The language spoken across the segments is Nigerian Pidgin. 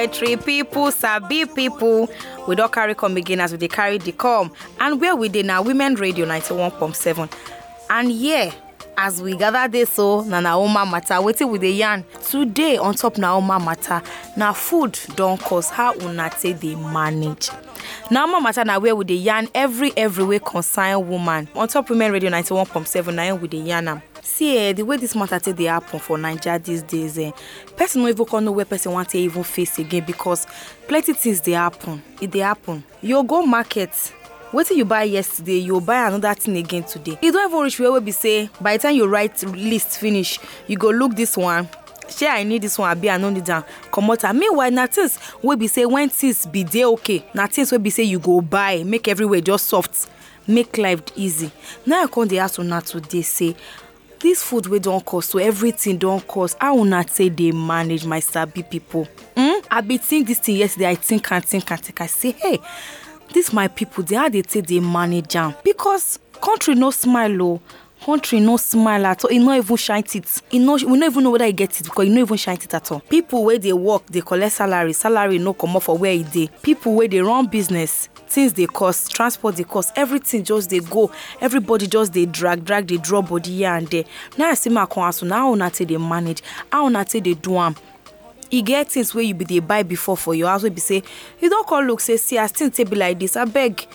poetry people sabi people we don't carry come beginners, we carry the come and where we within our women radio 91.7 and yeah as we gather this, so na naoma matter wetin we dey yarn today on top naoma matter na food don cost how una take dey manage naoma matter na where we dey yarn every every wey concern woman on top women radio ninety one point seven na im we dey yarn am see eh the way this matter take dey happen for naija these days eh person no even come know where person wan take even face again because plenty things dey happen e dey happen you go market wetin you buy yesterday you go buy another thing again today e don even reach where wey be say by the time you write list finish you go look this one shey i need this one abi i no need am comot am meanwhile na things wey be say when things be dey okay na things wey be say you go buy make everywhere just soft make life easy now i come dey ask una today say this food wey don cost so everything don cost how una take dey manage my sabi people hmm? i bin think this thing yesterday i think am think am think i say hey This my people. dey how dey take dey manage am because country no smile o oh. country no smile at all e no even shine teeth e no we no even know whether e get teeth because e no even shine teeth at all people wey dey work dey collect salary salary no comot for where e dey people wey dey run business things dey cost transport dey cost everything just dey go everybody just dey drag drag dey draw body here and there now i see my con ask una how una take dey manage how una take dey do am e get things wey you be dey buy before for your house wey be say you e don come look say see as things take be like this abeg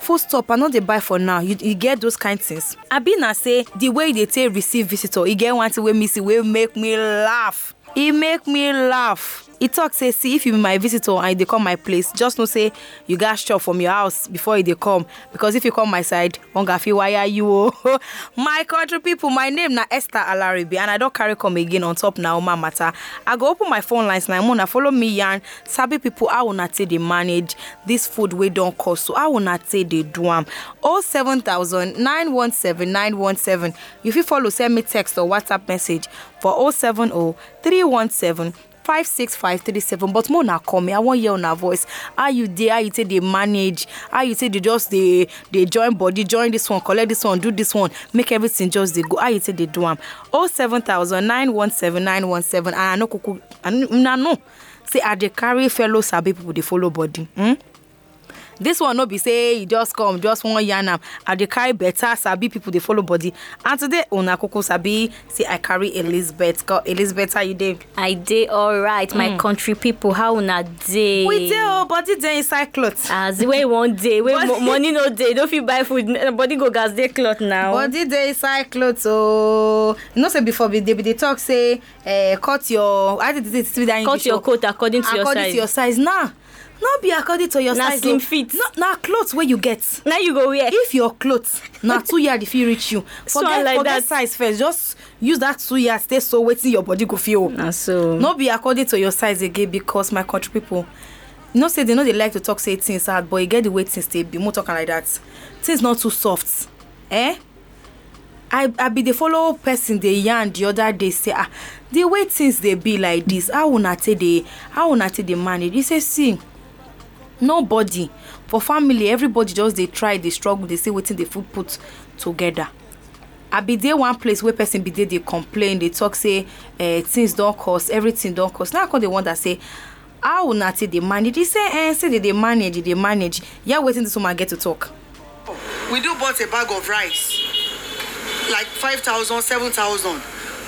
full stop i no dey buy for now you, you get those kind things abi na say the way you dey take receive visitor e get one thing wey me see wey make me laugh e make me laugh e talk say see if you be my visitor and you dey come my place just know say you gats chop from your house before you dey come because if you come my side hunger fit wire you o my country people my name na esther Alaribi, and i don carry come again on top na oma matter i go open my phone lines na una follow me yarn sabi people how una take dey manage this food wey don cost so how una take dey do am 07000 917 917 you fit follow send me text or whatsapp message for oh seven o oh three one seven. 56537 but more now come i wan hear on her voice how you dey how you say they manage how you say they just dey dey join body join this one collect this one do this one make everything just dey go how you say they do them? Oh seven thousand am 07000917917 and i no kuku I know say i they carry fellow sabi people they follow body. Hmm? this one no be say you e just come just wan yarn am i dey carry better sabi people dey follow body and today una koko sabi say i carry elizabeth call elizabeth how you dey. i dey alright mm. my hmm. country people how una dey. we dey o oh, body dey inside cloth. as the way one dey wey money no dey no fit buy food body go gas dey cloth now. body dey inside cloth ooo oh. you know say before they bin dey talk say uh, cut your how did they say that english cut your coat according to according your size according to your size now. Nah, no be according to your na size slim oh. fit no na cloth wey you get na you go wear if your cloth na two yard e fit reach you forget so like forget that. size first just use that two yard. Stay so wetin your body go feel. hold na so no be according to your size again because my country people you know say they no dey like to talk say things hard but e get the way things dey be mo talk am like that things no too soft eh i i be the follow person dey yarn the other day say ah the way things dey be like this how una take dey how una take dey manage he say see nobody for family everybody just dey try dey struggle dey see wetin dey fit put together i be dey one place wey person be dey dey complain dey talk say uh, things don cost everything don cost now i come dey wonder say how una take dey manage he say eh say dey dey manage dey dey manage hear wetin this woman get to talk. we do bought a bag of rice like five thousand seven thousand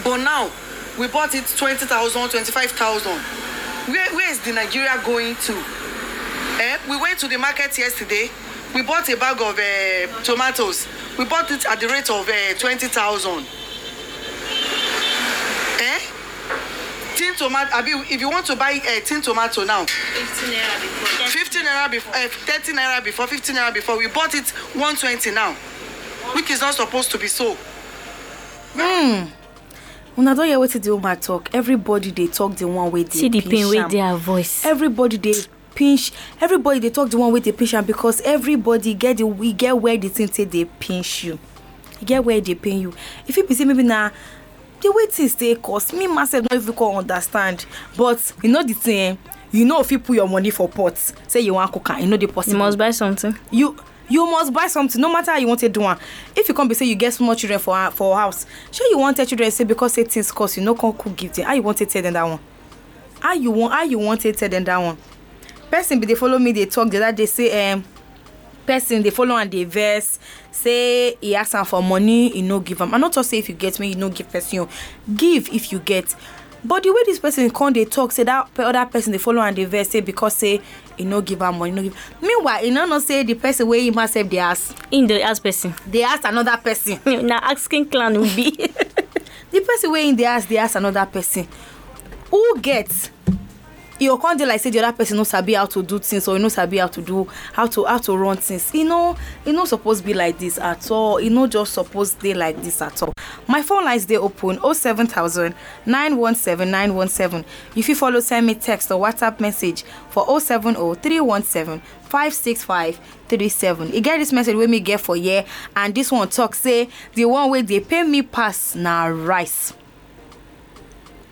but now we bought it twenty thousand twenty-five thousand where where is the nigeria going to Eh? We went to the market yesterday. We bought a bag of uh, tomatoes. We bought it at the rate of uh, thousand. Eh? Tin tomato, Abi, if you want to buy a uh, eh, tin tomato now, 15 naira before, 15 naira before, uh, naira before, 15 naira before. We bought it one twenty now, which is not supposed to be so. Hmm. una don hear wetin di woman talk everybody dey talk the one wey dey pain am see the pain wey dey her voice everybody dey pinch everybody dey talk the one wey dey pinch am because everybody get the e get where the thing take dey pinch you e get where e dey pain you e fit be say maybe na the way things take cost me myself no even come understand but you know the thing eh you no fit put your money for pot say you wan cook am e no dey possible. you must buy something. you you must buy something no matter how you wan take do am if you come be say you get small children for for house shey you wan tell children say because say things cost you no come cook give them how you wan take tell them that one how you wan how you wan take tell them that one person bin dey follow me dey talk the other day say um, person dey follow am dey vex say e ask am for money e no give am i no talk say if you get make you no give person o oh. give if you get but the way this person come dey talk say that other person dey follow am dey vex say because say e no give am money no give meanwhile e no know say the person wey him sef dey ask. him dey ask person. dey ask another person. na asking clan we be. the person wey him dey ask dey ask another person who get e go come dey like say the other person no sabi how to do things or e no sabi how to do how to how to run things e no e no suppose be like this at all e no just suppose dey like this at all my phone lines dey open 07000 917 917 you fit follow send me text or whatsapp message for 070 317 565 e get this message wey me get for here and this one talk say the one wey dey pay me pass na rice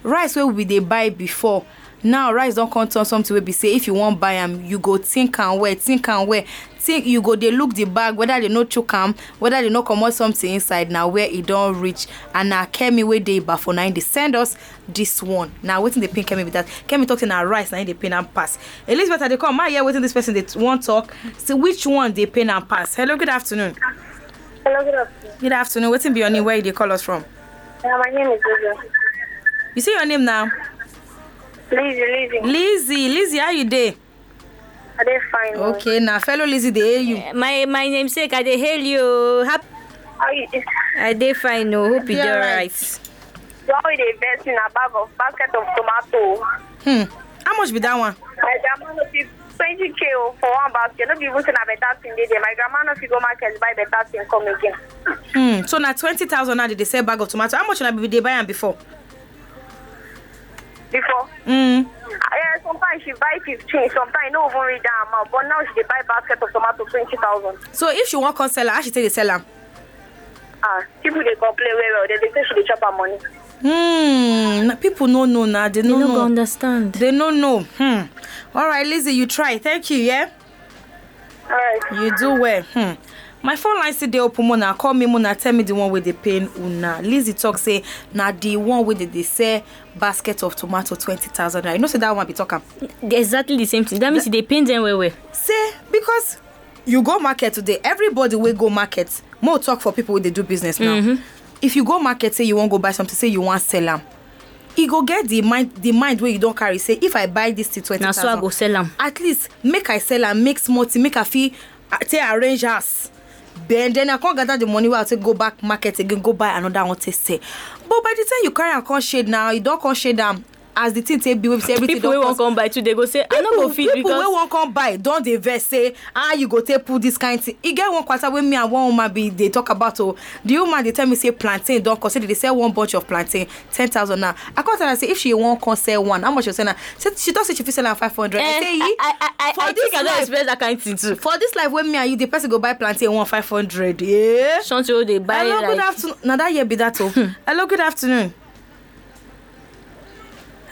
rice wey we dey buy before now rice don come turn something wey be say if you wan buy am you go think am well think am well think you go dey look the bag whether they no chook am whether they no comot something inside na where e don reach and na kemi wey dey ibafo for him dey send us this one na wetin dey pain kemi be that kemi talk say na rice na him dey pain am pass elizabeth i dey come ma hear wetin this person dey wan talk see which one dey pain am pass hello good afternoon. hello good afternoon. good afternoon wetin be your name where you dey call us from. na uh, my name is ozo. you say your name na. Lizzie, Lizzie. Lizzie, Lizzie, how you dey? I dey fine. Okay, now fellow Lizzie, they hail you. My my namesake, I dey hail you. Happy. How you dey? I dey fine. No, oh. hope you dey alright. You always dey vex in a bag of basket of tomato. Hmm. How much be that one? My grandma no fit twenty k oh, for one basket. No be even say na better thing dey there. My grandma no fit go market buy better thing come again. Hmm. So na twenty thousand now they dey sell bag of tomato. How much una be dey buy am before? before. Mm. Yeah, sometimes she buy 15, sometimes no even read that amount, but now she buy basket of tomato twenty thousand. So if she want to sell her, how she take the sell her? Ah, people they complain very well. They, they say she dey chop her money. Hmm. People no know now. They no they know. understand. They no know. Hmm. All right, Lizzie, you try. Thank you. Yeah. All right. You do well. Hmm my phone line still dey open mona call me mona tell me the one with the pain una Lizzie talk say na the one with the they say basket of tomato twenty thousand I know say that one be talk exactly the same thing that means the dey pain dem well well. say because you go market today everybody will go market More talk for people wey they do business now. Mm -hmm. if you go market say you wan go buy something say you want sell them. e go get the mind the mind wey you don carry say if i buy this thing twenty thousand na so i go sell am at least make i sell am make small thing make i fit uh, take arrange house then then I can't gather the money where I say go back market again, go buy another one taste. But by the time you carry and can't shade now, you don't can't shade them as the thing take be wey be say everything don cost people wey wan come buy too dey go say i no go fit because people wey wan come buy don dey vex say how ah, you go take pull this kind thing e get one quarter wey me and one woman bin dey talk about o oh. the woman dey tell me say plantain don cost say they dey sell one bunch of plantain ten thousand Now i come tell her say if she wan come sell one how much you sell am she talk say she fit sell am five hundred i eh, say yi for this life i think i don experience that kind thing too for this life wey me and you the person go buy plantain one five hundred yeah. something dey buy like hello good afternoon na that year be that o oh. hmm. hello good afternoon.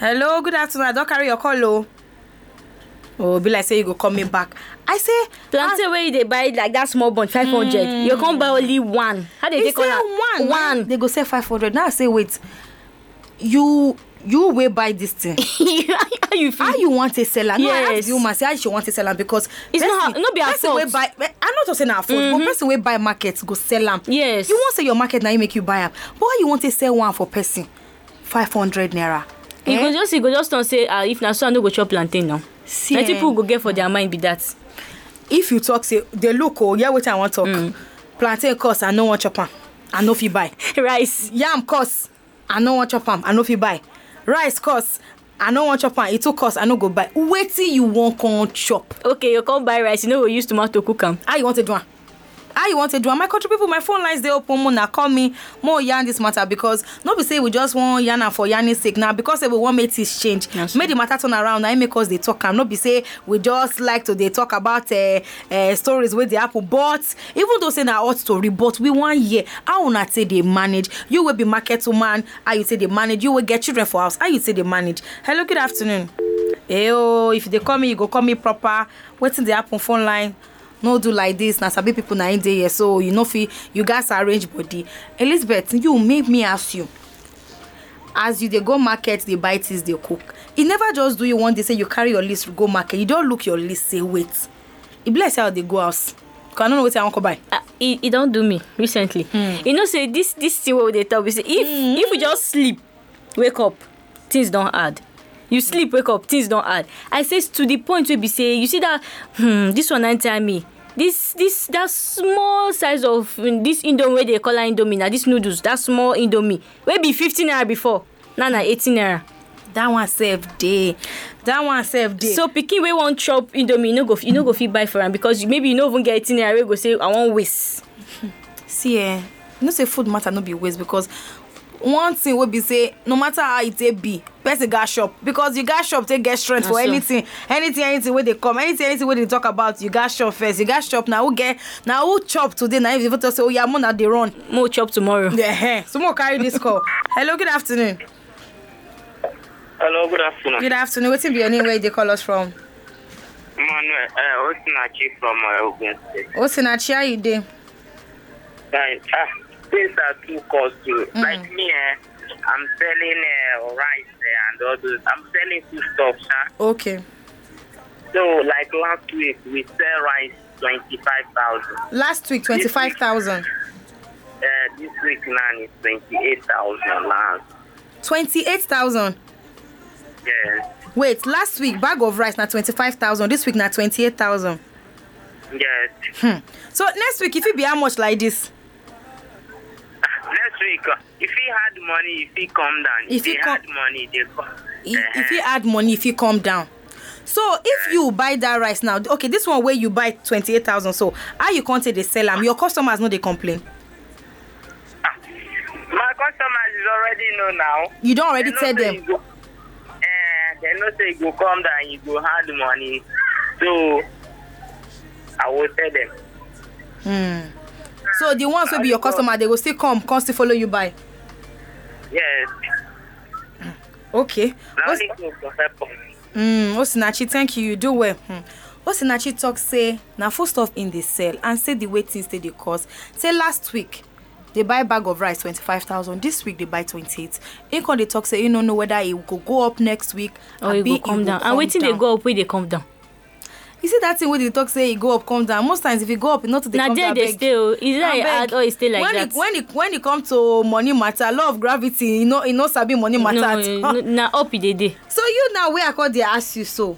hello good afternoon i don carry your call o oh. oh be like say you go call me back i say plantain ah, wey you dey buy like that small bunch five hundred hmm. you come buy only one how dey take call am one one they go sell five hundred now i say wait you you wey buy this thing how you feel how you wan take sell am no i ask the woman say how she wan take sell am because it's not not be her person wey buy eh, i no talk say na her fault but mm-hmm. person wey buy market go sell am yes you wan say your market na you make you buy am but why you wan take sell one for person five hundred naira you go eh? just you go just know say ah if na so i no go chop plantain now see na people eh? go get for their mind be that. if you talk say dey look o oh, hear wetin i wan talk mm. plantain cost i no wan chop am i no fit buy. rice yam cost i no wan chop am i no fit buy rice cost i no wan chop am e too cost i no go buy wetin you wan come chop. okay you come buy rice you no go use tomato cook am. how you wan take do am how you wan take do am my country people, my phone lines dey open muna call me more yarn this matter because no be say we just wan yarn am for yarning sake na because say we wan make things change make the matter turn around na im make us dey talk am no be say we just like to dey talk about uh, uh, stories wey dey happen but even though say na hot story but we wan hear how una take dey manage you wey be market woman how you take dey manage you wey get children for house how you take dey manage hello good afternoon eyo oh, if you dey call me you go call me proper wetin dey happen phone line no do like this na sabi people na im dey here so you no fit you gats arrange body elizabeth you make me ask you as you dey go market dey buy things dey cook e never just do you one day say you carry your list go market you don look your list say wait e be like say i dey go house because i no know wetin i wan come buy. Uh, e e don do me recently. Mm. you know say this this thing wey we dey talk be say if mm. if you just sleep wake up things don hard you sleep wake up things don hard i say to the point wey be say you see that hmm, this one na tell me this this that small size of um, this indomie wey they call am indomie na this noodles that small indomie wey be fifteen naira before now na eighteen naira. that one sef dey that one sef dey. so pikin wey wan chop indomie you no go you no go fit buy for am because maybe you no even get eighteen naira wey go say i wan waste. see eh you know say food matter no be waste because one thing wey be say no matter how e take be person gats shop because you gats shop take get strength for anything anything anything wey dey come anything anything wey dey talk about you gats shop first you gats shop na who get na who chop today na if you talk say oya oh, mo na dey run. mo chop tomorrow. yeah so mo carry this call hello good afternoon. hello good afternoon. good afternoon wetin be your name where you dey call us from. emmanuel uh, osinachi from uh, ogun state. osinachi how you dey. fine ah things are too costly. you. Mm. Like me, eh, I'm selling uh, rice eh, and all those. I'm selling food stuff. Huh? Okay. So, like last week, we sell rice 25,000. Last week, 25,000? Uh, this week now eh, is 28,000 last. 28,000? Yes. Wait, last week bag of rice now 25,000, this week now 28,000. Yes. Hmm. So next week if it be how much like this? they If he had money, if he come down. If, if he had money, they come. If, uh-huh. if he uh-huh. had money, if he come down. So if you buy that rice now, okay, this one where you buy twenty eight thousand. So how you can't they sell them? Your customers know they complain. Ah, my customers is already know now. You don't already tell them. Eh, they know say you go come down, you go hard money. So I will tell them. Hmm. So the ones will be your customer, they will still come, come still follow you by. Yes. Okay. Mm, Osinachi, oh, thank you. You do well. Mm. Osinachi oh, talk say na food stuff in dey sell and say the way things dey cost. Say last week dey buy bag of rice twenty-five thousand this week dey buy twenty-eight. Im come dey talk say im no know whether e go go up next week or e go come down. And wetin dey go up wey dey come down? you see that thing wey dey talk say e go up come down most times if e go up e no too dey come down beg na there dey stay o either e add or e stay like when e, that. It, when e when e come to money matter law of gravity e no e no sabi money matter no, at all. no na up e dey dey. so you now wey i come dey ask you so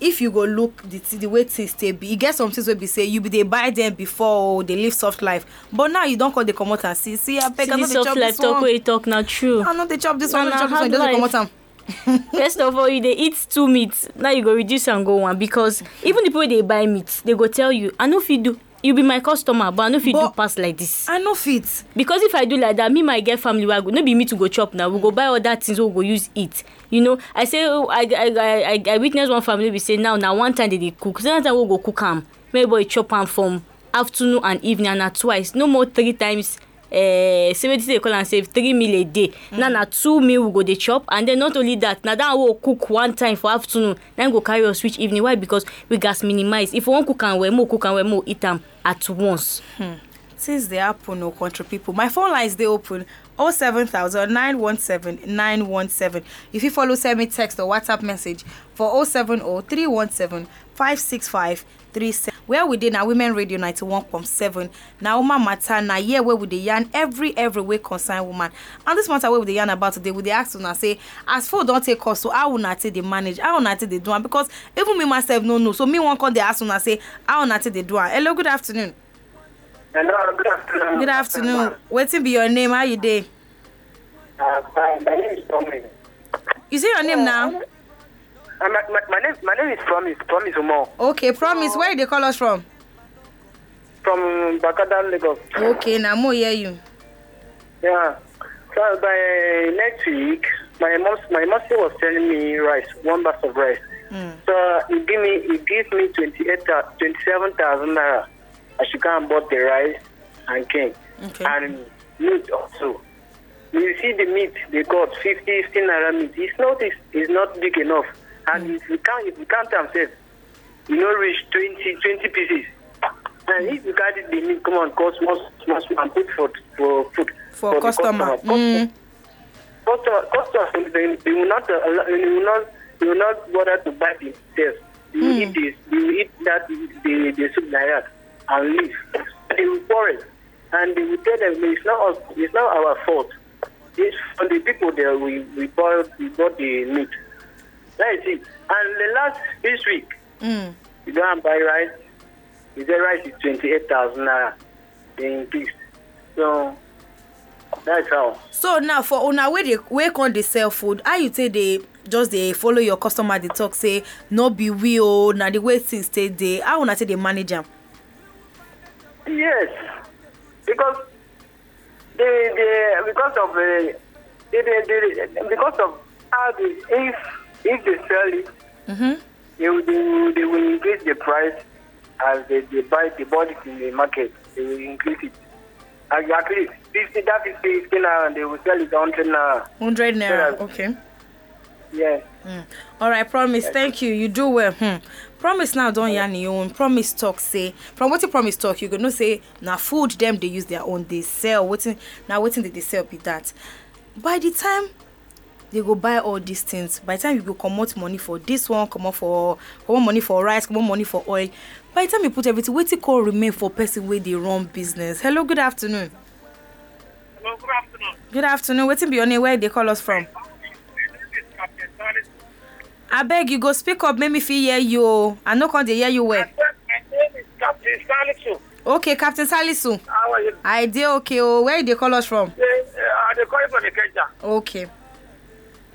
if you go look the the way things dey be e get some things wey be say you be dey buy them before o dey live soft life but now you don come dey comot am see see abeg i no dey chop this one see the soft life talk wey you talk na true i no dey chop this one i no dey chop this one you just dey comot am. first of all you dey eat two meat now you go reduce am go one because even the people wey dey buy meat they go tell you i no fit do you be my customer but i no fit do pass like this. i no fit. because if i do like that me and my girl family wa go no be me to go chop na we go buy other things wey we go use eat you know i say oh, i i i i witness one family be say now na one time they dey cook second time we go cook am make everybody chop am from afternoon and evening and na twice no more three times say wetin dey call am say three meal a day mm. now na two meal we go dey chop and then not only that na that one wey we cook one time for afternoon na im go carry us reach evening why because we gats minimize if we wan cook am well make we cook am well make we eat am at once. Hmm. things dey happen o country people, my phone lines dey open 07000 917 917 you follow send me text or whatsapp message for 070 317 565 37 where we dey na women radio 91.7 na woman matter na here where we dey yarn every every way concern woman and this matter wey we dey yarn about today we dey ask una say as food don take cost so how una take dey manage how una take dey do am because even me myself no know so me wan come dey ask una say how una take dey do am hello good afternoon. hello good afternoon. good afternoon wetin be your name how you dey. Uh, my name is tommy. you say your name na. Uh, Uh, my, my, my, name, my name is Promise, Promise Umar. Okay, Promise, oh. where do you call us from? From Bakadan, Lagos. Okay, now more hear you. Yeah. So by next week, my mom, my mom was telling me rice, one bus of rice. Mm. So he give me, he gives me 28, uh, 27,000 naira. I should go and bought the rice and came. Okay. And meat also. You see the meat they got, fifty fifteen 15 naira meat. It's not, it's, it's not big enough. And mm. if you count, if you count themselves, you know, reach 20, 20 pieces. And if you carry the meat, come on, cost most, most, small, and put for for food for, for customer. customer. Mm. Customer, customer, they, they will not, uh, they will not, they will not bother to buy themselves. They will mm. eat this, they will eat that, the the soup like that, and leave. They will pour it, and they will tell them it's not us, it's not our fault. It's for the people that we we bought we bought the meat. Let's see. And the last this week, mm. you don't buy rice. Is the rice is twenty eight thousand naira in peace. So that's how. So now for una wey dey wey come dey sell food, how you take dey just dey follow your customer dey talk say no be we o na the way things take dey how una take dey manage am. Yes, because the the because of uh, the, the, the because of how the if If they sell it, mm-hmm. they, will, they, will, they will increase the price as they, they buy the body in the market. They will increase it. Exactly. at least 50, that 50 naira and they will sell it 100 naira. 100 naira, okay. Yes. Mm. All right, promise. Yes. Thank you. You do well. Hmm. Promise now, don't yarn your own. Promise talk say from what you promise talk, you gonna say now food them they use their own, they sell. What now what did they sell be that? By the time they go buy all these things by the time you go comot money for this one comot for comot money for rice comot money for oil by the time you put everything what you call remain for person wey dey run business hello good afternoon. hello good afternoon. good afternoon wetin be on name where they call us from. I beg you go speak up make me feel hear you i know come they hear you well. my name is captain salisu. okay captain salisu. how are you. i dey okay oh, where you dey call us from. Uh, i dey call you from ikeja. okay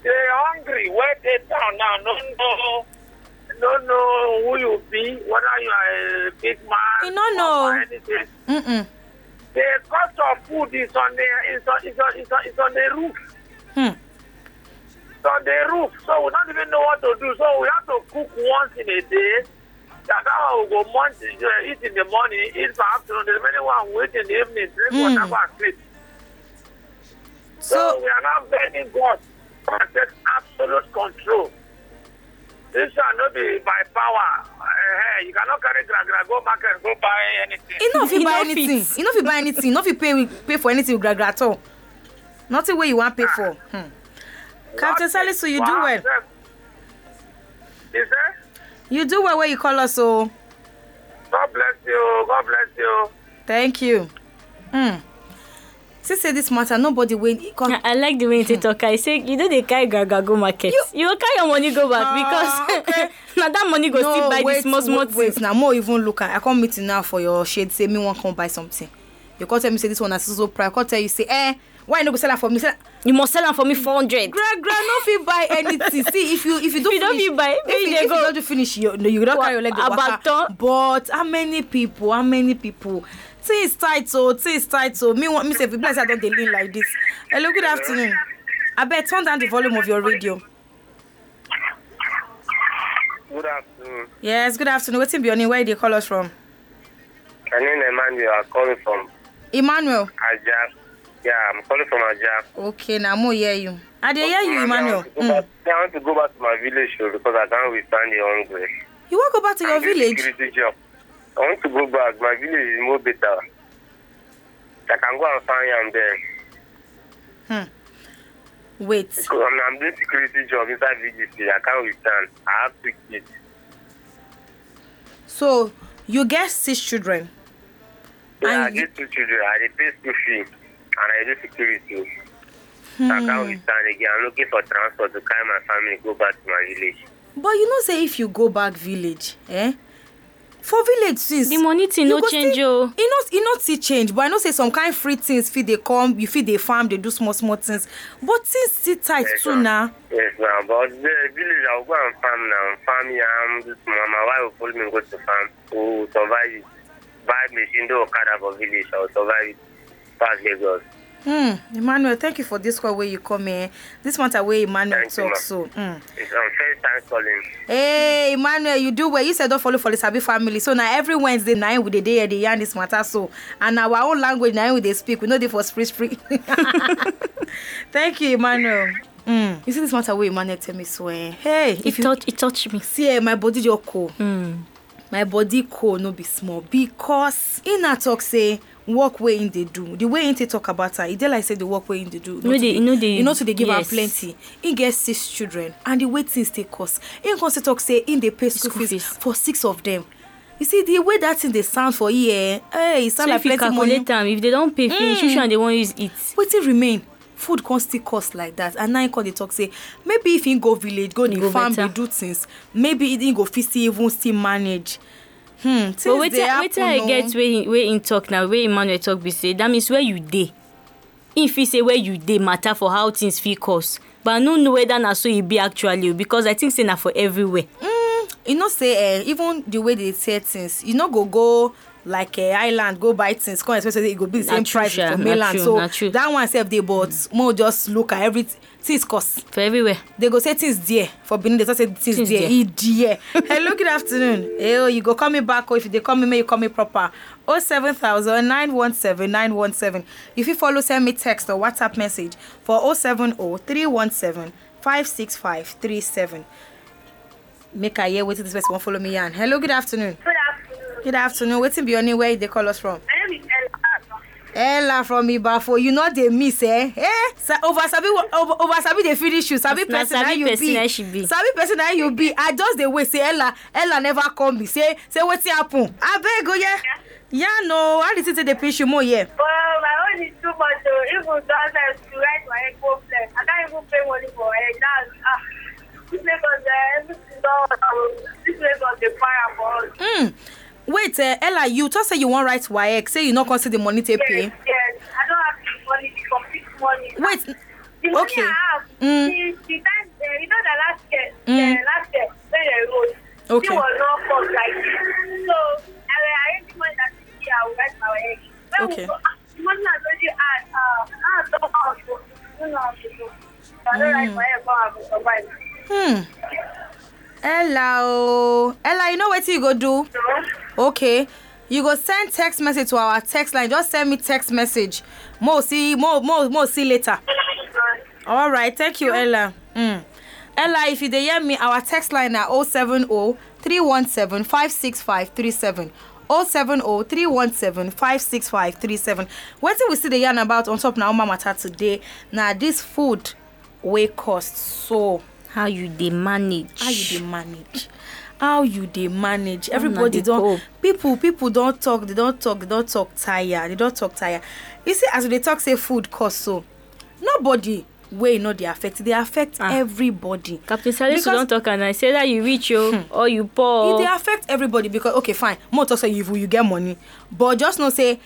they hungry where they down now no know no know who you be whether you are a big man you no know or anything. Mm-mm. the cost of food is on the is on is on is on, is on the roof. Hmm. It's on the roof so we don't even know what to do so we have to cook once in a day that how we go munch uh, eat in the morning eat for afternoon the remaining one wait in the evening drink mm. water and sleep. So, so we are now begging God wanted absolute control. This shall not be by power. Uh, you cannot carry gragra, go back go buy anything. Enough, you buy anything. Enough, you buy anything. Enough, you pay, pay for anything with gragra at all. Nothing where you want pay for. Ah. Hmm. Captain Salisu, you do well. Is there? You do well where you call us, so. Oh. God bless you. God bless you. Thank you. Hmm see say this matter nobody win. come. i like the way you talk i say you no dey carry gragra go market you, you carry your money go back uh, because okay. na that money go no, still buy wait, the small small thing. wait na more even look am i come meeting now for your shade say me want come buy something you come tell me say this one has so price i come tell you say eh why you no go sell am for me sell am. you must sell am for me four hundred. Grand, gra no fit buy anything see if you if you do if you finish buy, if, you, if go. you don't do finish you, you don carry your leg go waka but how many people how many people tea is tight o oh, tea is tight o oh. me want me say if you bless i don dey lean like this hello good afternoon abeg turn down the volume of your radio. good afternoon. yes good afternoon wetin be your name where you dey call us from. my name na emmanuel i'm calling from. emmanuel. ajah yeah i'm calling from ajah. okay na mo hear you. i dey hear you emmanuel. Mm. i want to go back to my village o oh, because i can't withstand the hungry. you wan go back to your village. i need security job. I want to go back. My village is more better. I can go and find am there. Hmm. Wait. Because I'm, doing security job inside VGC. I can't return. I have to keep. So you get six children. Yeah, and I get two children. I pay school fee and I do security. Hmm. I can't return hmm. again. I'm looking for transport to carry my family go back to my village. But you know, say if you go back village, eh? for village sis the money thing no change o e no e no still change but i know say some kind free things fit dey come you fit dey farm dey do small small things but things still tight yes, too na. yes ma but the village i go go and farm na farm yam this my wife go follow me go to farm to survive buy machine do okada for village i go survive pass lagos. Mm, Emmanuel, thank you for this call where you come here. This matter where Emmanuel talks so. Mm. It's our first time calling. Hey, Emmanuel, you do well. You said don't follow for the Sabi family. So now every Wednesday night with the day the yarn this matter so. And our own language now with they speak. We know they for free free. thank you, Emmanuel. Mm. You see this matter where Emmanuel tell me so. Eh? Hey, if it touch it touch me. See, eh, my body just cool. Mm. My body cool no be small because in a talk say work wey him dey do the way him take talk about her e dey like say the work wey him dey do no dey no dey you know to dey give yes. her plenty he get six children and the way things take cost him come still talk say him dey pay school, fees, for six of them you see the way that thing dey sound for here eh hey, e sound so like plenty money so if you calculate am if they don pay finish mm. which one they wan use eat wetin remain food come still cost like that and now he come dey talk say maybe if he go village go the farm dey do things maybe he go fit still even still manage hmm but wetin i get wey im talk na wey emmanuel talk be say that means where you dey im feel say where you dey matter for how things fit cost but i no know whether na so e be actually o because i think say na for everywhere. Mm, you know say eh even the way they say things you no go go like uh, island go buy things come especially it go be the same true, price yeah, for mainland true, so that one sef dey but mm. just look at everything. things cost. for everywhere. they go say things there for benin they talk say things, there. there e there hello good afternoon oh you go call me back Or oh, if you dey call me may you call me proper oh seven thousand nine one seven nine one seven you fit follow send me text or whatsapp message for oh seven oh three one seven five six five three seven make i hear with this person wan follow me yarn hello good afternoon. Good afternoon. Wetin be Where they call us from? My name is Ella. Ella from Ibafo. You know they miss, eh? Eh? Sa over sabi over, over sabi they finish you. Sabi person na you person be. She be. Sabi person I you be. I just the way Say Ella. Ella never call me. Say say wetin happen? beg go yeah. Yeah, no. How did it dey pinch you more here? Well, my own is too much. Oh. Even sometimes to write my own plan, I can't even pay money for it. Now, ah, this Lagos, eh, everything is all. This Lagos dey fire for us. Hmm wait uh, ella you talk say you wan write waec say you no come see the money take pay. yes yes i don have the money the complete money. wait the money okay. i have. Mm. the the time uh, you know the last year. Mm. Uh, last year when i wrote. okay still was not come like this so i will arrange the money that she i will write my waec. okay. we go ah, the money i don dey add uh, ah, i don house for no know how to do. i don write mm. my waec come i go survive. Hmm. Ella, oh. Ella, you know what you go do? No okay you go send text message to our text line just send me text message mo see mo mo mo see later all right thank you ella mm. ella if you dey hear me our text line na 070 317 56537 070 317 56537 wetin we still dey yarn about on top na oma matter today na this food wey cost so. how you dey manage. how you dey manage how you dey manage everybody don people people don talk they don talk they don talk tire they don talk tire you see as we dey talk say food cost so nobody wey e no dey affect e dey affect ah. everybody. captain salisu don talk am na say that you rich o hmm. or you poor e o. e dey affect everybody because okay fine mo talk say you you get money but just know say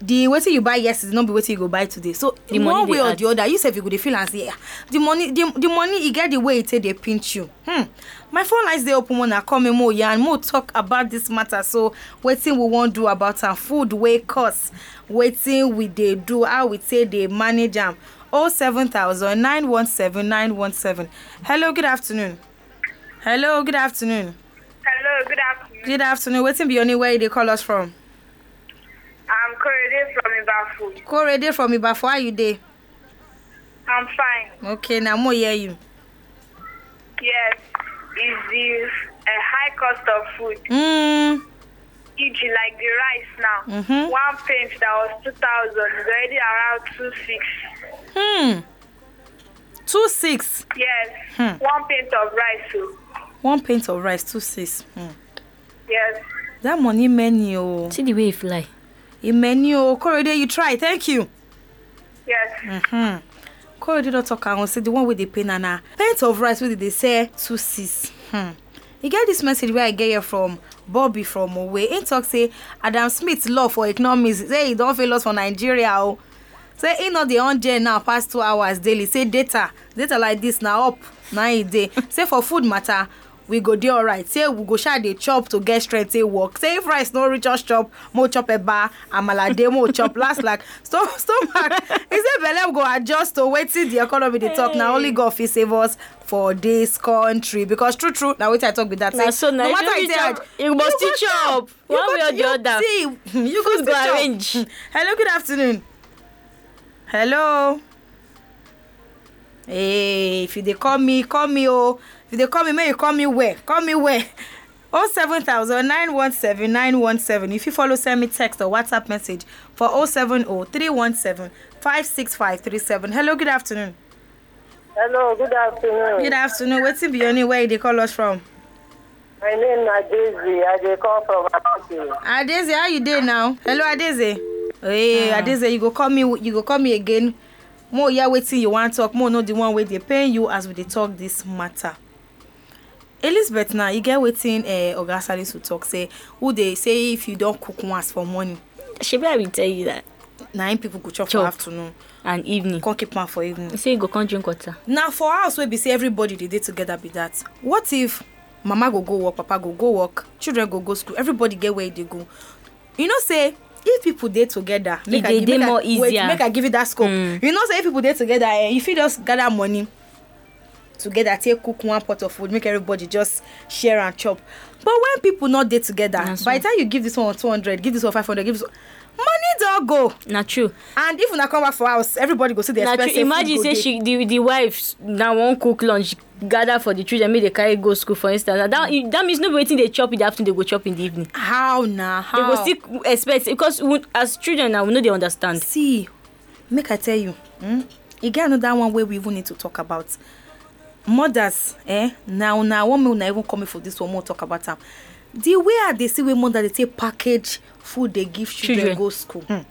the wetin you buy yesterday no be wetin you go buy today so the one way or add. the other you sef you go dey feel am say ah, the money the, the money e get the way e take dey pinch you hmm. my phone lines dey open when I call me mo yarn mo talk about this matter so wetin we wan do about am food wey cost wetin we dey do how we take dey manage am oh seven thousand nine one seven nine one seven hello good afternoon hello good afternoon hello good afternoon good afternoon wetin be your name where you dey call us from. Korede from Ibafo. Korede from Ibafo, how you dey? I'm fine. Okay, now mo hear you. Yes, is the a high cost of food. Mm. E.g. like the rice now. Mm-hmm. One pinch that was two thousand is already around two six. Hmm. Two six. Yes. Hmm. One pint of rice. So. Oh. One pint of rice, two six. Hmm. Yes. That money many oh. See the way e fly. Emmanuel Korede, you try. Thank you. Yes. Mm-hmm. Korede don't talk on say the one with the pain and a of rice with they say two six. Hmm. You get this message where I get here from Bobby from away. He talk say Adam Smith law for economics. Say he don't fail us for Nigeria. Oh. say e no dey on gen now pass two hours daily say data data like this na up na e dey say for food matter we go dey alright say we go sha dey chop to get strength take work say if rice no reach us chop mo chop eba amala dey mo chop last like so stomach he say belle go adjust to wetin the economy dey talk hey. na only god fit save us for dis country because true true na wetin i talk be that say so no matter how you dey you must still chop one way or the other see you go still chop hello good afternoon hello hey if you dey call me call me o. Oh. If they call me, may you call me where? Call me where? 07000917917. If you follow, send me text or WhatsApp message for 070 Hello, good afternoon. Hello, good afternoon. Good afternoon. Wetin be your name? Where they call us from? My name na Adeze. I dey call from Akiti. Adeze, how you doing now? Hello, Adeze. Hey, uh. Adeze, you go call me. You go call me again. More hear waiting. you wan talk. More know the one where they pain you as we dey talk this matter elizabeth na you get wetin uh, oga salisu talk say who dey say if you don cook once for morning. shebi i bin tell you that. na im people go chop, chop for afternoon. and evening. come keep am for evening. you say you go come drink water. na for house wey be say everybody dey dey together be that what if mama go go work papa go go work children go go school everybody get where e dey go you know say if people dey together. e dey dey more easier make i give you that scope. Mm. you know say if people dey together eh you fit just gather money together take cook one pot of food make everybody just share and chop but when people no dey together That's by the time you give this one two hundred give this one five hundred give this one money don go. na true. and if una come back for house everybody go see the expensive food go dey. na true imagine say she the the wife na wan cook lunch gather for the children make they carry go school for instance and that that means no be wetin dey chop in the afternoon they go chop in the evening. how na how. they go still expect because we, as children na we no dey understand. see make i tell you hmm? e get another one wey we even need to talk about mothers eh now now one not even coming for this one more talk about them. the way they see women mother they take package food they give children, children. go school mm.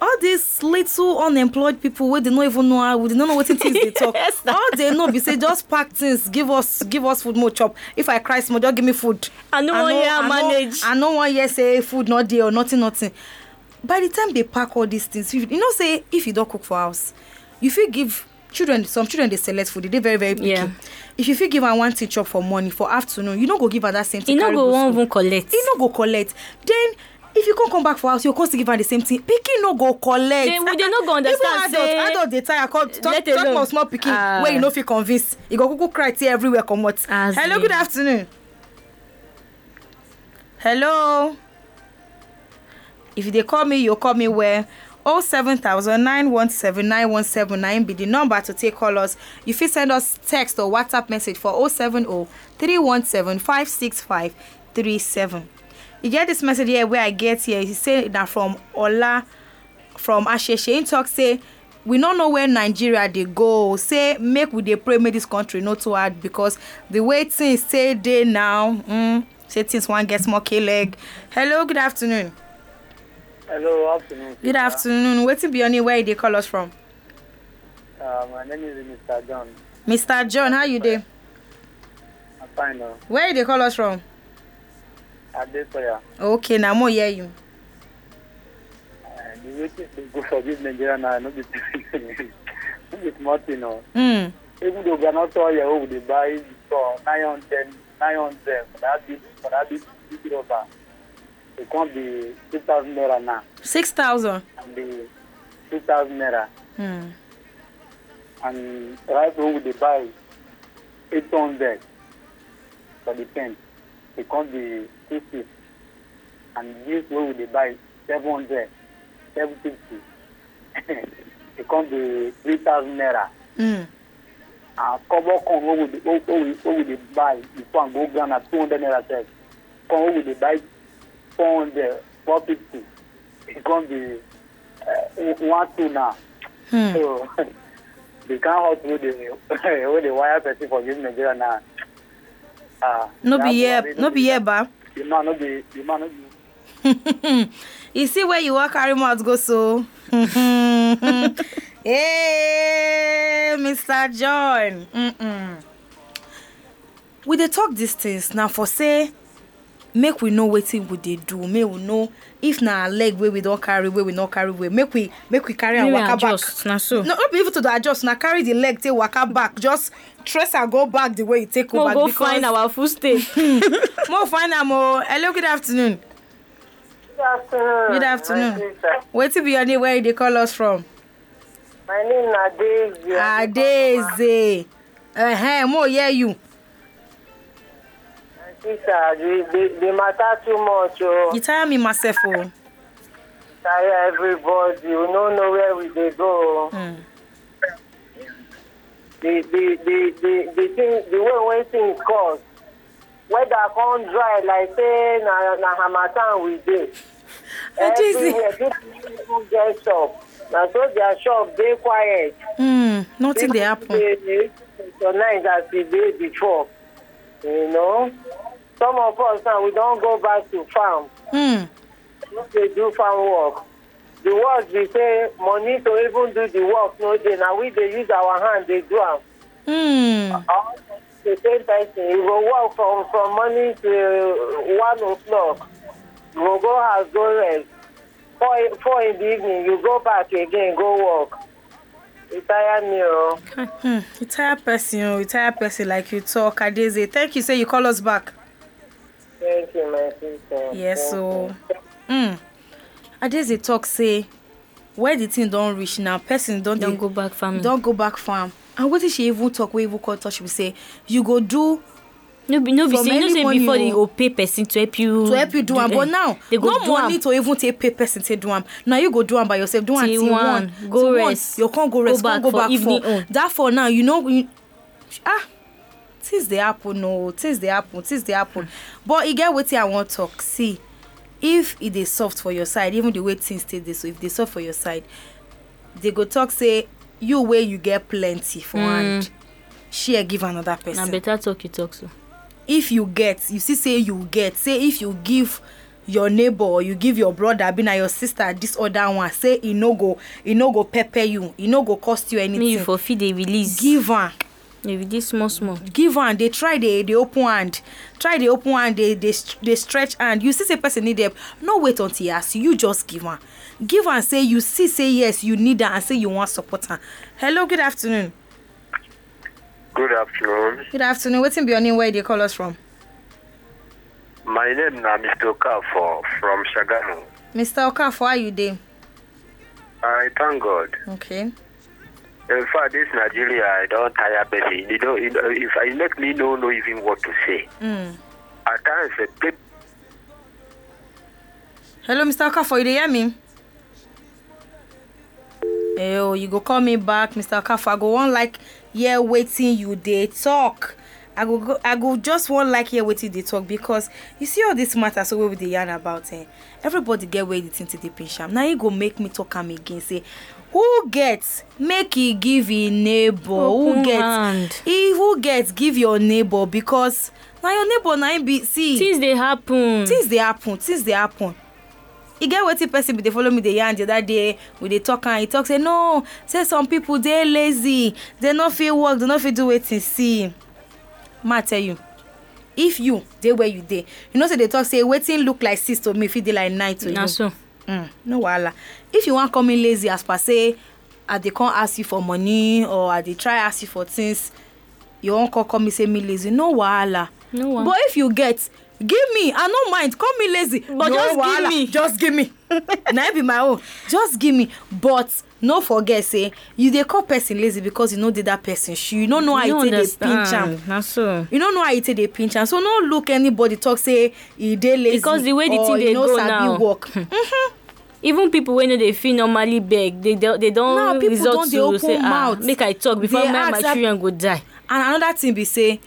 all these little unemployed people they do not even know how they don't know what it is they talk yes, all they know be say just pack things give us give us food more chop if i cry small just give me food i no wan hear manage i no one hear say eh, food no there or nothing nothing by the time they pack all these things you know say if you don't cook for house you fit give children some children dey select food They dey very very picky yeah. if you fit give am one thing chop for morning for afternoon you no go give am that same thing carry go school e no go wan even collect e no go collect then if you come come back for house you go come still give am the same thing pikin no go collect Then we they no go understand say even adult adult dey tire come talk talk for small pikin uh, wey you no fit convince e go kuku cry tear everywhere comot hello good afternoon hello if you dey call me you call me well 07091791799 be the number to take call us you fit send us text or whatsapp message for 07031756537 you get this message here Where i get here he say that from ola from asese im talk say we no know where nigeria they go say make we dey pray make this country not too hard because the way things say dey now mm, say things one get more k leg hello good afternoon. Hello, afternoon. Good afternoon. Waiting be only where they call us from. Uh, my name is Mr. John. Mr. John, how you doing? I'm fine. Now. Oh. Where they call us from? Adesoya. Okay, now more hear you. Uh, the waiting to go for this Nigeria now, not this. it's Martin. No. Mm. Even though we are not all here, we buy for 910, 910 for that big, for that big, big over. It can't be six thousand naira now. six thousand. and be two thousand naira. Hmm. and right now we buy eight hundred for the pen e con be fifty and this way we buy seven hundred seven fifty e con be three thousand naira. Mm. and kobo what wey we dey buy before and go down at two hundred naira come corn wey we dey buy four hundred four fifty e come be uh, one two now. Hmm. so the kind hot wey dey wey dey wire person for give nigeria na. Uh, no be here no be here ba. the man no be the man no be. you see where you wan carry mouth go so. hey, mr john. Mm -mm. we dey talk these things na for say make we know wetin we dey do make we know if na leg wey we don carry wey we no carry well make we make we carry am waka adjust, back na so no no be even to dey adjust na carry the leg take waka back just trace am go back the way e take go back because mo go find our full stay mo find am o hello good afternoon good afternoon good afternoon wetin be your name where you dey call us from. my name na adeze. adeze uh -huh, mo hear you sister, the, the, the matter too much. Oh. You tire me myself. Oh. Tire everybody. You don't know where we they go. Mm. The, the, the, the, the thing, the way when things cost, weather come dry like say na na harmattan we dey. Oh, Everywhere people get shop. Na so their shop dey quiet. Mm, nothing dey happen. They, they, they, they, they, they, they, they, you know some of us now we don go back to farm. Mm. we dey do farm work the work be say money to even do the work no dey na we dey use our hand dey do am. Mm. all the same person you go work from from morning till one o'clock you go go house go rest four four in the evening you go back again go work retire me o. Oh. retire hmm. person o oh. retire person like you talk adeze thank you say you call us back. Thank oh. you, my sister. Yes, so. Mm. Adeze talk say where the thing don reach now person don dey go back farm don go back farm and wetin she even talk wey even call touch be say you go do no be no be say you know say before they oh. go pay person to help you to help you do, do am but eh, now no money to even take pay person take do am Now you go do am by yourself do am till one go rest you come go rest come go back for that for now you know you, ah tins dey happen o tins dey happen tins dey happen but e get wetin i wan talk see if e dey soft for your side even the way things take dey so if e dey soft for your side they go talk say you wey you get plenty for mm. hand share give another person. na better talk you talk so. if you get you see say you get say if you give your neighbor or you give your brother abi na your sister this other one say e no go e no go pepper you e no go cost you anything. make you for fit dey release. give am if you dey small small give hand dey try dey dey open hand try dey open hand dey dey dey stretch hand you see say person need help no wait until e ask you just give am give am say you see say yes you need am and say you wan support am hello good afternoon. good afternoon. good afternoon wetin be your name where you dey call us from. my name na mr okafor from shagamu. mr okafor how you dey. i thank god. okay. In fact, this Nigeria, I don't tire person. You know, if I let me no know even what to say. Mm. At times, a Hello, Mr. Okafor, you hear me? Hey, eh, oh, you go call me back, Mr. Okafor. I go on like, yeah, waiting you, they talk i go go i go just wan like hear wetin they talk because you see all this matter so we the yarn about it. Eh, everybody get where the thing take dey pain am na e go make me talk am again say who gets make he give his e neighbor Open who gets hand. e who gets give your neighbor because now your neighbor now im be see. things they happen. things they happen things they happen e get wetin person bin dey follow me dey yarn the other day we dey talk and he talk say no say some people dey lazy dey no fit work dey no fit do wetin see ma tell you if you dey where you dey you know say dey talk say wetin look like six to me fit dey like nine to you na so mm, no wahala if you wan call me lazy as per say i dey come ask you for money or i dey try ask you for things you wan call call me say me lazy no wahala no wahala but if you get give me i no mind call me lazy but no, just wahala. give me just give me na be my own just give me but no forget say you dey call person lazy because you no dey that person shoe you no know how you take dey pinch am na so you no know how you take dey pinch am so no look anybody talk say e dey lazy because the way the thing dey go now or you no sabi work. Mm-hmm. even people wey no dey fit normally beg they dey dey don resort to say ah make i talk before my my children go die. and another thing be say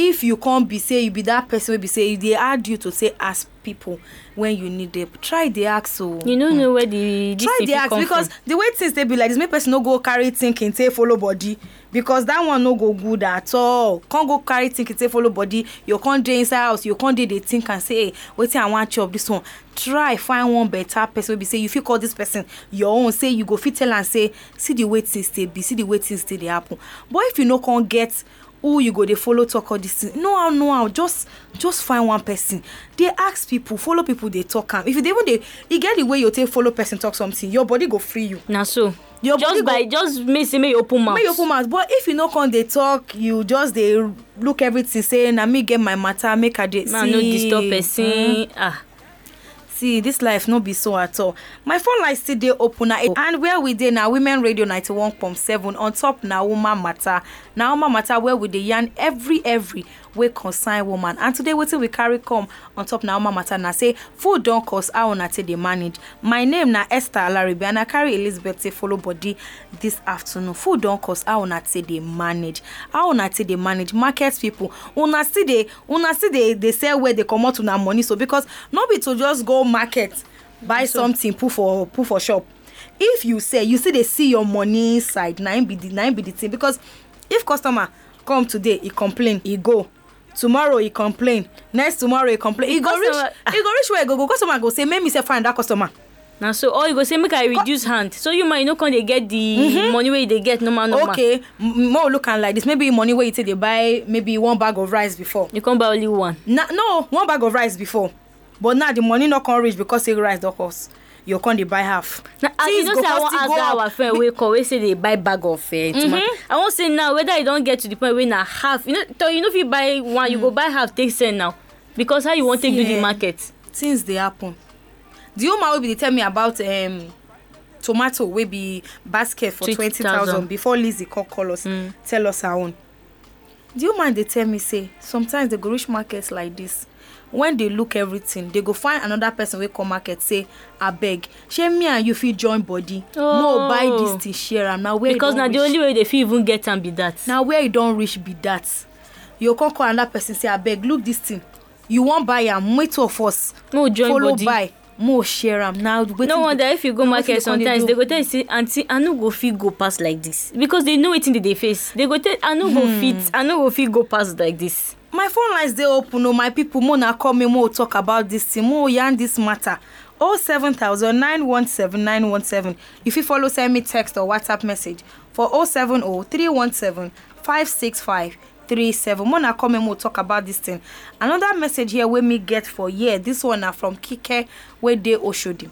if you come be say you be that person wey be say e dey hard you to say ask people when you need them try dey ask o. Oh. you no mm. know hmm. where the this try dey ask because the way things dey be like this make person no go carry thinking take follow body because that one no go good at all come go carry thinking take follow body you come dey inside house you come dey dey think and say hey wetin i wan chop this one try find one better person wey be say you fit call this person your own say you go fit tell am say see the way things dey be see the way things dey dey happen but if you no come get who you go dey follow talk all this thing no how no how just just find one person dey ask people follow people dey talk am if you dey even dey e get the way you take follow person talk something your body go free you. na so your just by go, just make say make you open mouth. make you open mouth but if you no come dey talk you just dey look everything say na me get my matter make i dey see. ma no disturb person mm. ah see this life no be so at all my phone line still dey open and where we dey na women radio 91.7 on top na woman matter na woman matter where we dey yarn every every wey concern woman and today wetin we carry come on top na woman matter na say food don cost how una take dey manage my name na esther alaribe and i carry elizabeth take follow body this afternoon food don cost how una take dey manage how una take dey manage market people una still dey una still dey dey sell where dey comot una money so because no be to just go market buy so, something put for put for shop if you sell you still dey see your money inside na im be the na im be the thing because if customer come today e complain e go tomorrow he complain next tomorrow he complain He go reach ah. He go reach where he go go customer go say make me sef find dat customer. na so or you go say make i reduce hand so you ma you no come dey get the mm -hmm. money wey you dey get normal normal. okay mo look am like this maybe money wey you take dey buy maybe one bag of rice before. you come buy only one. na no one bag of rice before but now the money no come reach because say rice don cost you come dey buy half. na as you know say i wan ask that our friend wey call wey say dey buy bag of uh, eh, tomato mm -hmm. i wan say now whether e don get to the point wey na half you know you no fit buy one mm. you go mm. buy half take sell now because how you wan take do the eh, market. things dey happen the old man wey be dey tell me about um, tomato wey be basket for twenty thousand before Lizzie come call us mm. tell us her own the old man dey tell me say sometimes dey go reach market like this when they look everything they go find another person wey come market say abeg shey me and you fit join body oh. no buy this oh. thing share am na where because na the only way they fit even get am be that na where e don reach be that you go come call another person say abeg look this thing you wan buy am make two of us no join follow body. buy mo share am na wetin no wonder if you go market sometimes they go tell you say aunty i no go fit go pass like this because they know wetin they dey face they go tell i no go hmm. fit i no go fit go pass like this my phone lines dey open o my pipo mo na call me mo talk about dis thing mo yarn dis matter 07000917917 you fit follow send me text or whatsapp message for 07031756537 mo na call me mo talk about dis thing another message here wey me get for here dis one na from kike wey dey oshodi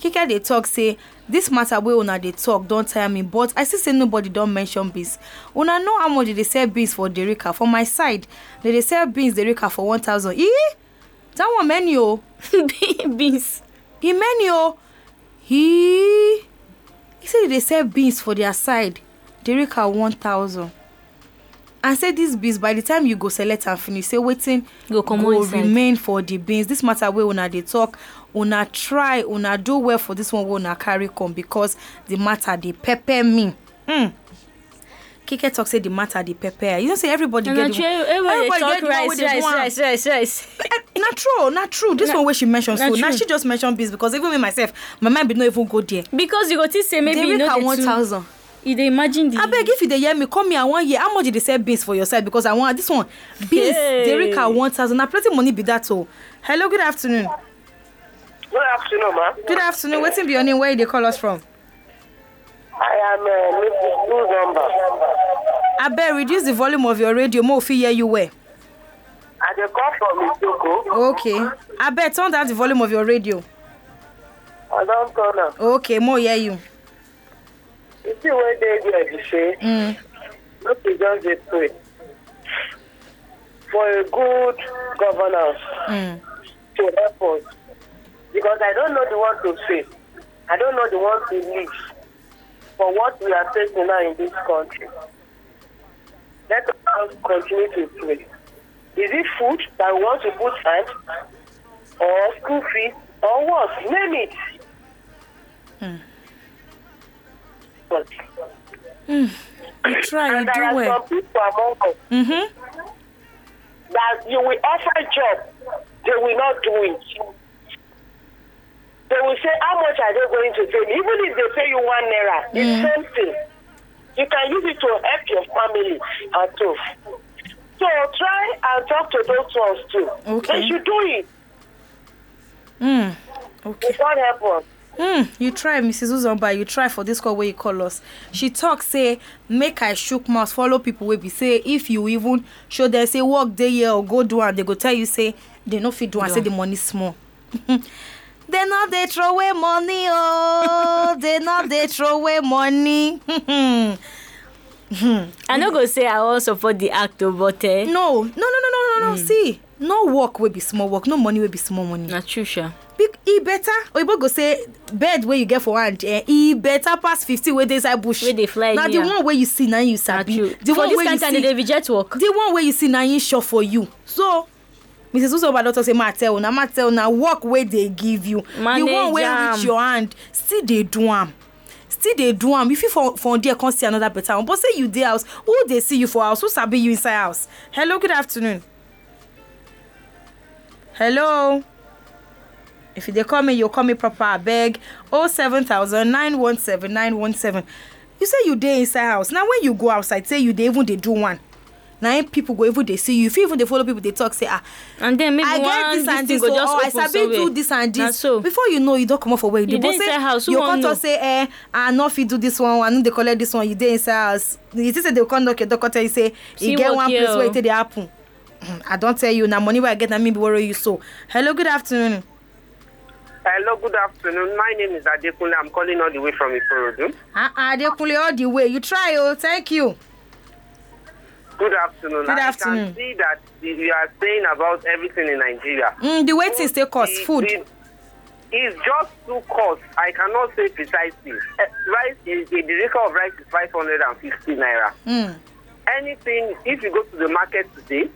kike dey talk say this matter wey una dey talk don tire me but i see say nobody don mention beans una know how much dey dey sell beans for derika for my side dey dey sell beans derika for one thousand ee that one many o. beans. e many o ee He say dey dey sell beans for their side derika one thousand and say this beans by the time you go select am finish say wetin go remain for the beans this matter wey una dey talk una try una do well for this one wey una carry come because the matter dey pepper me mm. kike talk say di matter dey pepper you know say everybody and get the one everybody get the one wey dey do one rice rice rice eh, na true na true this na, one wey she mention so na she just mention beans because even me myself my mind bin no even go there. because you go think say maybe you no dey too one thousand. you dey imagine the. abeg if you dey hear me call me i wan hear how much you dey sell beans for your side because i wan this one beans hey. dey rake her one thousand na plenty money be that o oh. hello good afternoon. Good afternoon, ma. Good afternoon. What's in your name? Where they call us from? I am uh, Mrs. Blue Number. I bet reduce the volume of your radio. Mo fi hear you where? I just call from Ijoko. Okay. I bet turn down the volume of your radio. I don't turn am. Okay, more hear you. You see wey dey there be say. Mm. Make we just dey pray for a good governance mm. to help us because I don't know the one to save. I don't know the one to live for what we are facing now in this country. Let us continue to pray. Is it food that we want to put hand or school fees or what? Name it. Hmm. But, mm. You try, and you there are some people among us mm-hmm. that you will offer a job, they will not do it they will say, How much are they going to pay me? Even if they pay you one naira, mm. it's something You can use it to help your family at all. So try and talk to those ones too. Okay. They should do it. Mm. Okay. It won't help us. Mm, you try mrs uzomba you try for this call where you call us she talk say make i shook mouth follow people wey be say if you even show dem say work day here or go do and they go tell you say they no fit do am say the money small they not they throw away money oh they not they throw away money. i no go say i wan support the act o oh, but. Eh? no no no no no no mm. see no work will be small work no money will be small money. na true sha. e better oyibo go say bird wey you get for hand eh, e better pass fifty wey dey inside bush. wey dey fly na the one wey you see na you sabi. na true for this kind kind dey reject work. the one wey you see na him sure for you so mrs usoba doctor say ma tell una ma tell una work wey dey give you Manage the one wey reach your hand still dey do am still dey do am you fit for for there come see another better one but say you dey house who dey see you for house who sabi you inside house hello good afternoon hello if you dey call me you call me proper abeg oh seven thousand nine one seven nine one seven you say you dey inside house na when you go outside say you dey even dey do one na people go even dey see you you fit even dey follow people dey talk say ah and then maybe i get this and this so or i sabi do this and this so. before you know you don comot for where you dey but say you come talk say eh i no fit do this one i no dey collect this one you dey inside house you think say they come knock your door tell you say e get one place where e oh. take dey happen i don tell you na money wey i get na me be worry you so hello good afternoon. Hello, good afternoon. My name is Adekunle. I'm calling all the way from Ikorodu. Ah, uh-uh, Adekunle, all the way. You try, oh, thank you. Good afternoon. Good afternoon. I can see that you are saying about everything in Nigeria. Mm, the waiting still cost food. The, it's just too cost. I cannot say precisely. Eh, rice is the record of rice is five hundred and fifty naira. Mm. Anything if you go to the market today,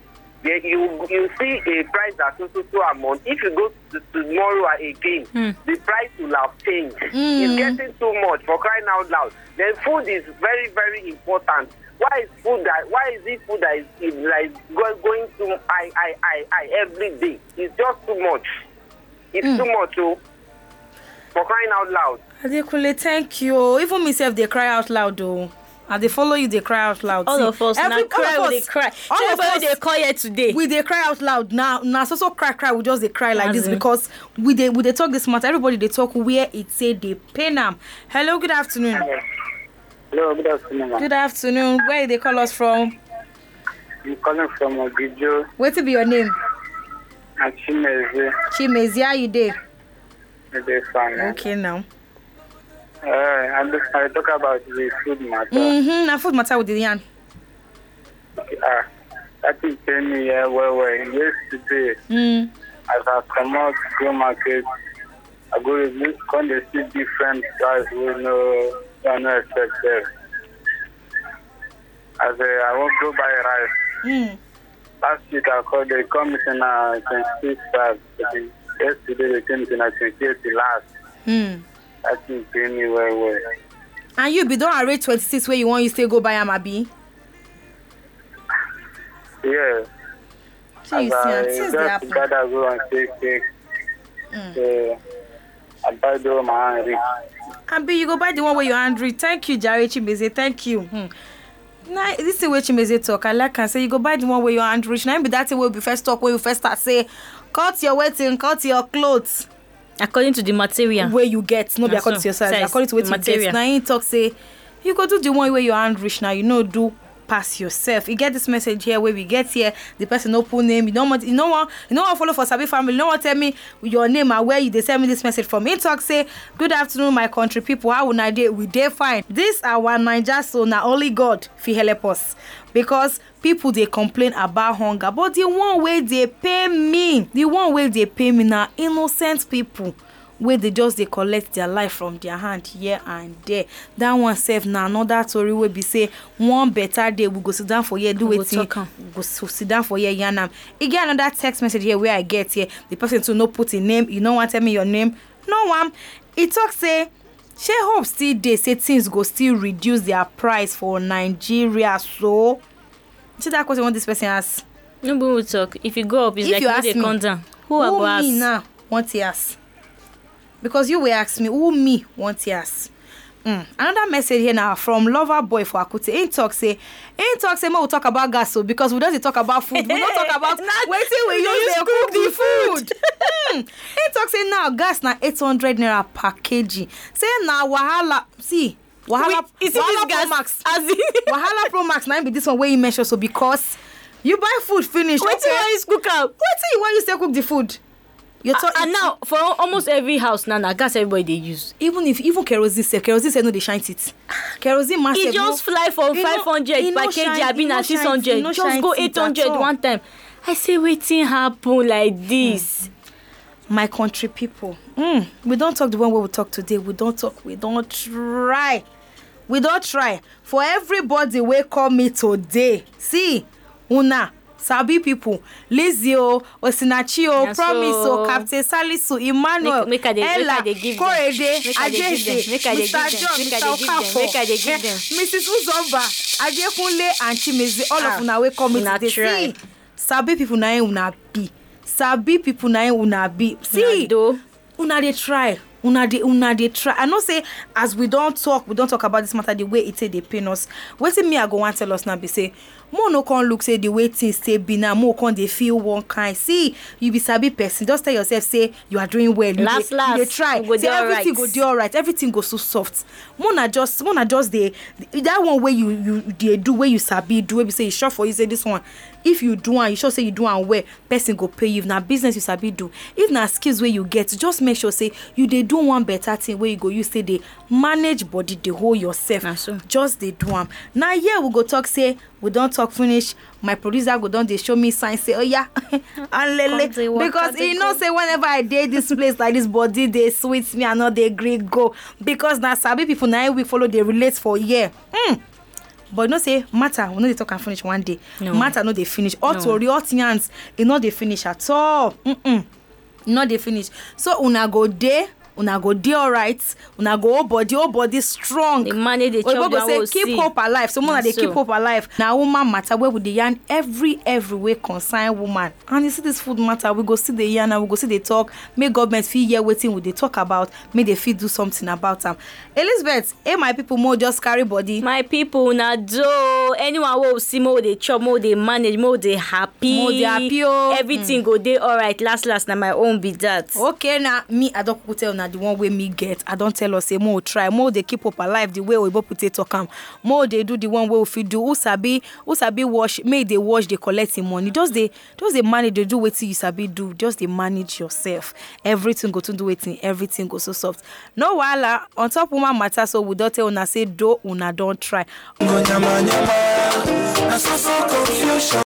you you see a price that also so a month. If you go to, tomorrow again, mm. the price will have changed. Mm. It's hmm. getting too much for crying out loud. Then food is very very important why is food that why is it food that is, is like go, going to I, I I I every day? It's just too much. It's mm. too much, oh. For crying out loud. Adekunle, thank you. Oh. Even myself, they cry out loud, though. and they follow you they cry out loud. all See, of us every, na cry us, we dey cry shey everybody dey call here today. we dey cry out loud na na so so cry cry we just dey cry like this because we dey we dey talk this matter everybody dey talk where it say dey pain am. hello good afternoon. Hello. Hello, good afternoon. Good afternoon. Where they call us from? I'm calling from Ogijo. What to be your name? Chimezi. Chimezi, how you there? Okay, now. Uh, I, I talk about the food matter. Mm-hmm, now food matter with the young. Okay, uh, ah, think tell me yeah, where well, yesterday, mm. as I come out to market, I go to this, come to see different guys who know I don't expect them. I say I won't go buy rice. Mm. Last week I called, the commissioner in uh, 26 stars. Yesterday they came in uh, 28 last. Mm. I thing pay me well, well. And you be don't arrange 26 where you want you still go buy am abi? Yeah. Jeez, man, things they just gotta go and take cake. Mm. So, I buy them and reach. And abi you go buy the one wey your hand reach thank you jare chimeze thank you. Hmm. na this thing wey chimeze talk i like am say you go buy the one wey your hand reach na him be that thing wey we first talk wey we first start say cut your wetin cut your cloth. according to the material. wey you get no be according so, to your size, size according to wetin you get na him talk say you go do the one wey your hand reach na you no know, do pass yourself. You get this message here where we get here, the person no pull name. You don't want you know what you know what follow for Sabi family, you know what tell me your name and where you they send me this message from Intox say, Good afternoon, my country people. How would I do? We dare fine. This our one Niger so now only God fi help us. because people they complain about hunger but the one way they pay me the one way they pay me now, innocent people wey dey just dey collect their life from their hand here and there that one sef na another tori wey be say one better day we go sit down for here do wetin go sit down for here yarn am e get another text message here wey i get here the person too no put im name you no wan tell me your name no am e talk say shey hope still dey say things go still reduce their price for nigeria so you see that question wey this person ask. no be we talk if e go up it's if like e dey come down who i go ask. who me now wan take ask. because you will ask me who me want yes. Mm. Another message here now from lover boy for Akute. In talk say, in talk say, we talk about gas so oh, because we don't talk about food. We don't talk about waiting we use cook the food. mm. In talk say now gas now eight hundred naira per kg. Say now wahala see. Wahala, Wait, is wahala Pro gas? Max. As in wahala Pro Max now be this one where you measure so because you buy food finish. Wetin okay. you cook up. cook am? you wan cook the food? you're ah, talking and ah, now for almost every house now na gas everybody dey use. even if even kerosene sef kerosene sef no dey shine teeth kerosene ma sef no e just fly from five hundred per kg abi na six hundred just go eight hundred one time i say wetin happen like this. Mm. my country people mm, we don talk the one wey we talk today we don talk we don try we don try for everybody wey call me today see una sabi pipo lizzie o osinachi o yeah, promise so... captain salisu emmanuel make, make ella korede ajeze mr john mr okafo mrs uzomba adekunle and chimezi all ah, of una wey come with the see sabi pipo na im una be sabi pipo na im una be see una dey try una dey una dey try i know say as we don talk we don talk about this matter the way e take dey pain us wetin me i go wan tell us now be say mo no come look say the way things say be now mo come dey feel one kind see you be sabi person just tell yourself say you are doing well you last dey, last you dey try go say everything right. go dey alright everything go so soft mo na just mo na just dey that one wey you you dey do wey you sabi do wey be say e sure for you say this one if you do am you sure say you do am well person go pay you if na business you sabi do if na skills wey you get just make sure say you dey do one better thing wey you go use say dey manage body dey hold yourself na so just dey do am na here we go talk say we don talk finish my producer go don dey show me sign say oya anlele because he know say whenever i dey this place like this body dey sweet me i no dey gree go because na sabi people na we follow dey relate for here. Mm but you know say matter we no dey talk am finish one day no. matter no dey finish all no. tori all things e no dey finish at all mm -mm. no dey finish so una go dey una go dey alright una go whole body whole body strong oyibo go say keep hope alive so una dey keep hope alive na woman matter wey we dey yarn every every wey concern woman and you see this food matter we go still dey yarn and we go still dey talk make government fit hear wetin we dey talk about make they fit do something about am elizabeth hey my people mo just carry body. my people na do anyone wey we see mo dey chop mo dey manage mo dey happy mo dey happy o oh. everything mm. go dey alright last last na my own be that. okay na me I adokun tell una the one wey me get i don tell us say mo try mo dey keep up alive the way oyibo pipo talk am mo dey do the one wey we fit do who sabi who sabi wash may e dey wash dey collect im money just dey just dey manage dey do wetin you sabi do just dey manage yourself everything go to do wetin everything go so soft no wahala on top woman matter so we don tell una say though una don try.